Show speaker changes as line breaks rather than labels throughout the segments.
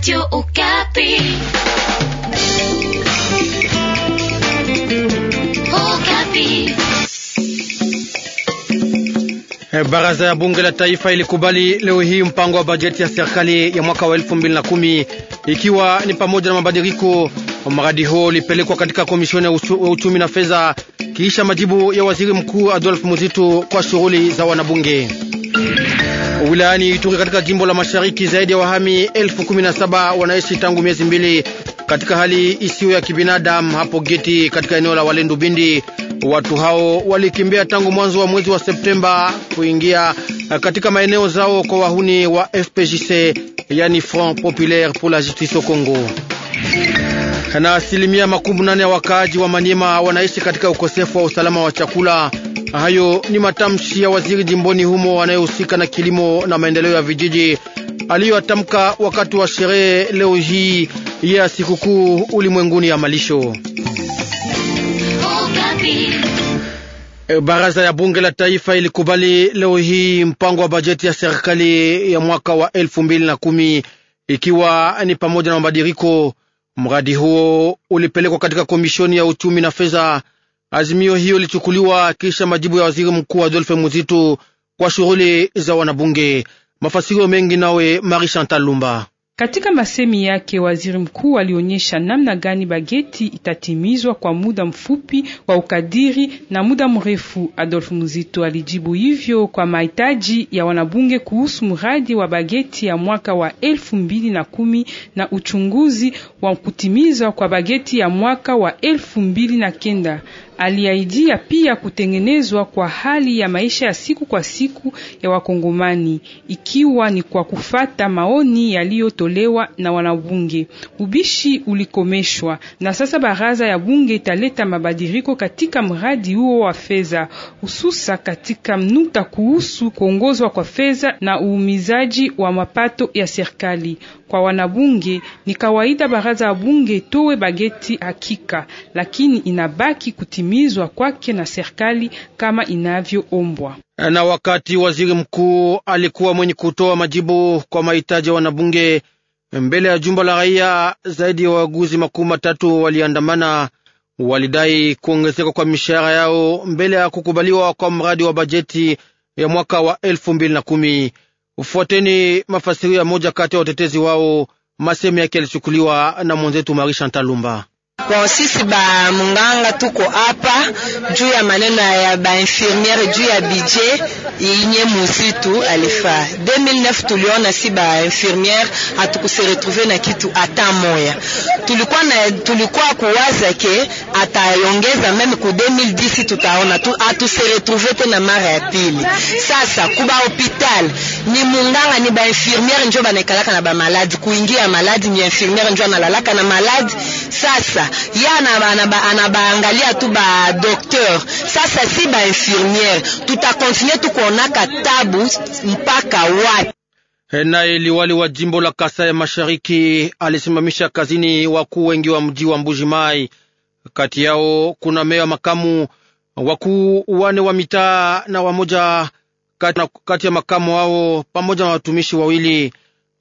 Radio Okapi. Okapi.
Eh, baraza ya bunge la taifa ilikubali leo hii mpango wa bajeti ya serikali ya mwaka wa 2010 ikiwa ni pamoja na mabadiliko. Mradi huo ulipelekwa katika komishoni ya uchumi na fedha kisha majibu ya waziri mkuu Adolf Muzitu kwa shughuli za wanabunge. Wilayani Ituri katika jimbo la Mashariki, zaidi ya wahami elfu kumi na saba wanaishi tangu miezi mbili katika hali isiyo ya kibinadamu hapo Geti katika eneo la Walendu Bindi. Watu hao walikimbia tangu mwanzo wa mwezi wa Septemba kuingia katika maeneo zao kwa wahuni wa FPJC, yani Front Populaire pour la Justice au Congo. Na asilimia makumi nane ya wakaaji wa Manyema wanaishi katika ukosefu wa usalama wa chakula. Hayo ni matamshi ya waziri jimboni humo anayehusika na kilimo na maendeleo ya vijiji aliyoatamka wakati wa sherehe leo hii ya sikukuu ulimwenguni ya malisho. Baraza ya bunge la taifa ilikubali leo hii mpango wa bajeti ya serikali ya mwaka wa elfu mbili na kumi ikiwa ni pamoja na mabadiliko. Mradi huo ulipelekwa katika komishoni ya uchumi na fedha Azimio hiyo ilichukuliwa kisha majibu ya waziri mkuu Adolphe Muzitu kwa shughuli za wanabunge. Mafasirio mengi nawe Marie Chantal Lumba.
Katika masemi yake waziri mkuu alionyesha namna gani bageti itatimizwa kwa muda mfupi wa ukadiri na muda mrefu. Adolf Muzito alijibu hivyo kwa mahitaji ya wanabunge kuhusu mradi wa bageti ya mwaka wa elfu mbili na kumi na uchunguzi wa kutimizwa kwa bageti ya mwaka wa elfu mbili na kenda. Aliaidia pia kutengenezwa kwa hali ya maisha ya siku kwa siku ya Wakongomani, ikiwa ni kwa kufata maoni yaliyotolewa na wanabunge. Ubishi ulikomeshwa na sasa baraza ya bunge italeta mabadiliko katika mradi huo wa fedha, hususa katika mnuta kuhusu kuongozwa kwa fedha na uumizaji wa mapato ya serikali. Kwa wanabunge ni kawaida baraza ya bunge towe bageti hakika, lakini inabaki kutimia kutimizwa kwake na serikali kama inavyoombwa.
Na wakati waziri mkuu alikuwa mwenye kutoa majibu kwa mahitaji ya wanabunge mbele ya jumba la raia, zaidi ya waguzi makumi matatu waliandamana, walidai kuongezeka kwa mishahara yao mbele ya kukubaliwa kwa mradi wa bajeti ya mwaka wa elfu mbili na kumi. Ufuateni mafasirio ya moja kati ya watetezi wao, masemi yake yalichukuliwa na mwenzetu Marie
Bon, sisi ba munganga tuko hapa juu ya maneno ya ba infirmiere juu ya budget yenye msitu alifaa 2009 tuliona si ba infirmiere hatukusiretrouve na kitu hata moya. Tulikuwa na tulikuwa kuwaza ke atayongeza meme ku 2010 tutaona tu hatusiretrouve tena mara ya pili. Sasa kuba hospital ni munganga ni ba infirmiere njo banaikalaka na ba maladi kuingia maladi ni infirmiere njo analalaka na maladi sasa ye anabaangalia tu ba docteur. Sasa si ba infirmiere, tutakontinue tukuonaka tabu mpaka wapi?
Eh, Naye liwali wa jimbo la Kasai Mashariki alisimamisha kazini wakuu wengi wa mji wa Mbuji Mai. Kati yao kuna meya makamu, wakuu wane wa mitaa na wamoja kati ya makamu wao pamoja na watumishi wawili.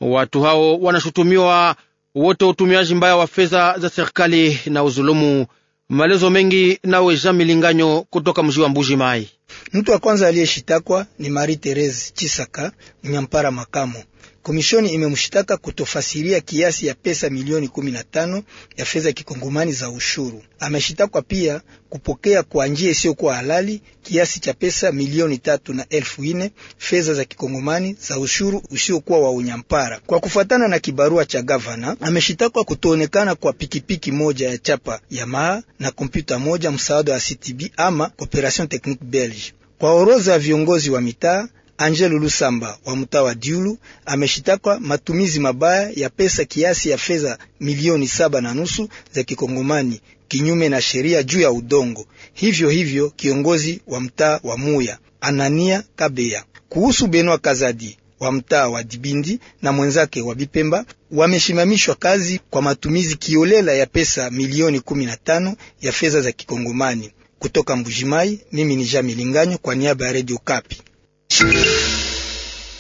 Watu hao wanashutumiwa wote utumiaji mbaya wa fedha za serikali na uzulumu. Maelezo mengi nawe Jean Milinganyo kutoka mji wa Mbuji Mai.
Mtu wa kwanza aliyeshitakwa ni Marie Therese Chisaka Nyampara Makamo. Komishoni imemshtaka kutofasiria kiasi ya pesa milioni 15 ya fedha kikongomani za ushuru. Ameshitakwa pia kupokea kwa njia isiyokuwa halali kiasi cha pesa milioni tatu na elfu ine fedha za kikongomani za ushuru usiokuwa wa unyampara. Kwa kufuatana na kibarua cha gavana, ameshitakwa kutoonekana kwa pikipiki moja ya chapa Yamaha na kompyuta moja msaada wa CTB ama Operation Technique Belge. Kwa orodha ya viongozi wa mitaa Angelo Lusamba wa mtaa wa Diulu ameshitakwa matumizi mabaya ya pesa kiasi ya fedha milioni saba na nusu za kikongomani kinyume na sheria juu ya udongo. Hivyo hivyo kiongozi wa mtaa wa Muya Anania Kabea kuhusu Benwa Kazadi wa mtaa wa Dibindi na mwenzake wa Bipemba wameshimamishwa kazi kwa matumizi kiolela ya pesa milioni kumi na tano ya fedha za kikongomani. Kutoka Mbujimai, mimi ni Jamilinganyo kwa niaba ya Radio Kapi.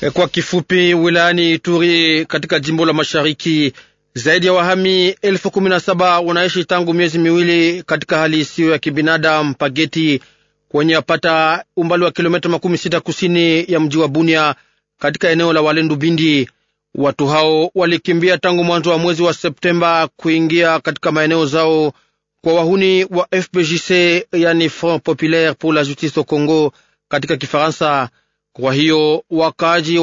Eh, kwa kifupi, wilayani Ituri katika jimbo la Mashariki, zaidi ya wahami elfu kumi na saba wanaishi tangu miezi miwili katika hali isiyo ya kibinadamu Pageti, kwenye apata umbali wa kilometa makumi sita kusini ya mji wa Bunia katika eneo la Walendu Bindi. Watu hao walikimbia tangu mwanzo wa mwezi wa Septemba kuingia katika maeneo zao kwa wahuni wa FPJC, yani Front Populaire pour la Justice au Congo katika Kifaransa. Kwa hiyo wakaaji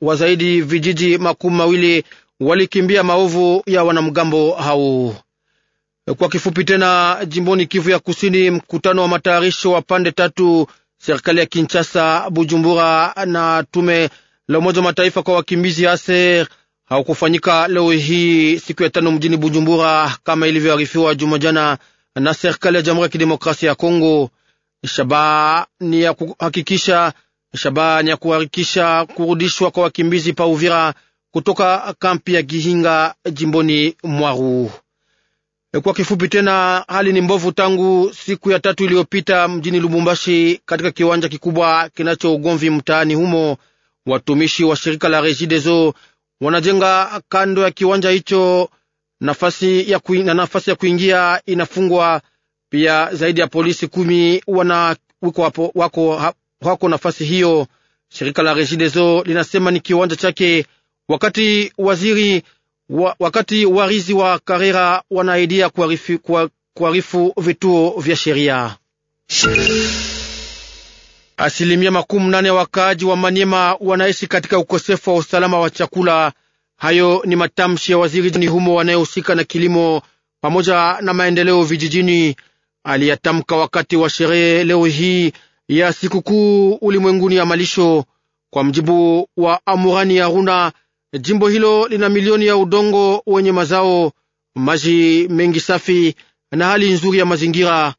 wa zaidi vijiji makumi mawili walikimbia maovu ya wanamgambo hao. Kwa kifupi tena, jimboni Kivu ya Kusini, mkutano wa matayarisho wa pande tatu, serikali ya Kinshasa, Bujumbura na tume la Umoja wa Mataifa kwa wakimbizi ASER haukufanyika leo hii siku ya tano mjini Bujumbura kama ilivyoarifiwa juma jana na serikali ya Jamhuri ya Kidemokrasia ya Kongo. Shabaha ni ya kuhakikisha shabani ya kuharikisha kurudishwa kwa wakimbizi pa Uvira kutoka kampi ya Gihinga jimboni Mwaru. E, kwa kifupi tena, hali ni mbovu tangu siku ya tatu iliyopita mjini Lubumbashi, katika kiwanja kikubwa kinacho ugomvi mtaani humo. Watumishi wa shirika la Regideso wanajenga kando ya kiwanja hicho, nafasi ya kui, na nafasi ya kuingia inafungwa pia. Zaidi ya polisi kumi wana wiko wako kwako nafasi hiyo. Shirika la Regideso linasema ni kiwanja chake, wakati waziri wa, wakati warizi wa Karera wanaidia kuharifu vituo vya sheria. Asilimia makumi nane ya wakaaji wa Manyema wanaishi katika ukosefu wa usalama wa chakula. Hayo ni matamshi ya waziri ni humo wanayehusika na kilimo pamoja na maendeleo vijijini. Aliyatamka wakati wa sherehe leo hii ya sikukuu ulimwenguni ya malisho. Kwa mjibu wa Amurani ya Runa, jimbo hilo lina milioni ya udongo wenye mazao, maji mengi safi na hali nzuri ya mazingira.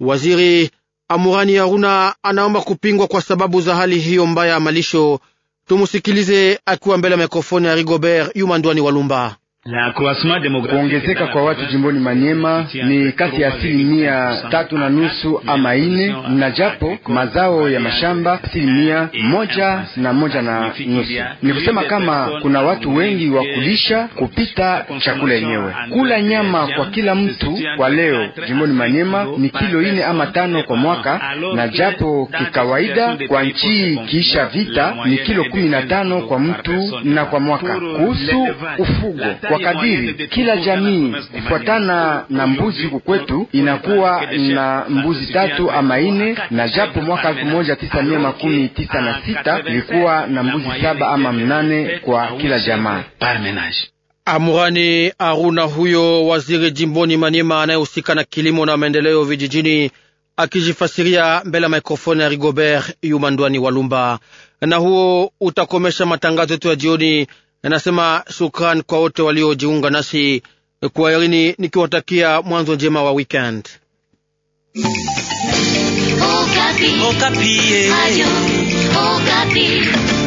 Waziri Amurani ya Runa anaomba kupingwa kwa sababu za hali hiyo mbaya ya malisho. Tumusikilize akiwa mbele ya mikrofoni ya Rigobert Yumandwani Walumba. Kuongezeka kwa watu jimboni Manyema ni kati ya asilimia tatu na nusu ama ine, na japo mazao ya mashamba asilimia moja na moja na nusu. Ni kusema kama kuna watu wengi wa kulisha kupita chakula yenyewe. Kula nyama kwa kila mtu kwa leo jimboni Manyema ni kilo ine ama tano kwa mwaka, na japo kikawaida kwa nchi kiisha vita ni kilo kumi na tano kwa mtu na kwa mwaka. Kuhusu ufugo wakadiri kila jamii kufuatana na mbuzi huku kwetu inakuwa na mbuzi tatu ama ine, na japo mwaka elfu moja tisa mia makumi tisa na sita ilikuwa na mbuzi saba ama mnane kwa kila jamaa. Amurani Aruna huyo waziri jimboni Maniema anayehusika na kilimo na maendeleo vijijini akijifasiria mbele ya mikrofoni ya Rigobert Yumandwani Walumba. Na huo utakomesha matangazo yetu ya jioni. Anasema shukrani kwa wote waliojiunga nasi kwa herini, nikiwatakia mwanzo njema wa weekend.
Okapi. Okapi. Eh. Ayu, Okapi.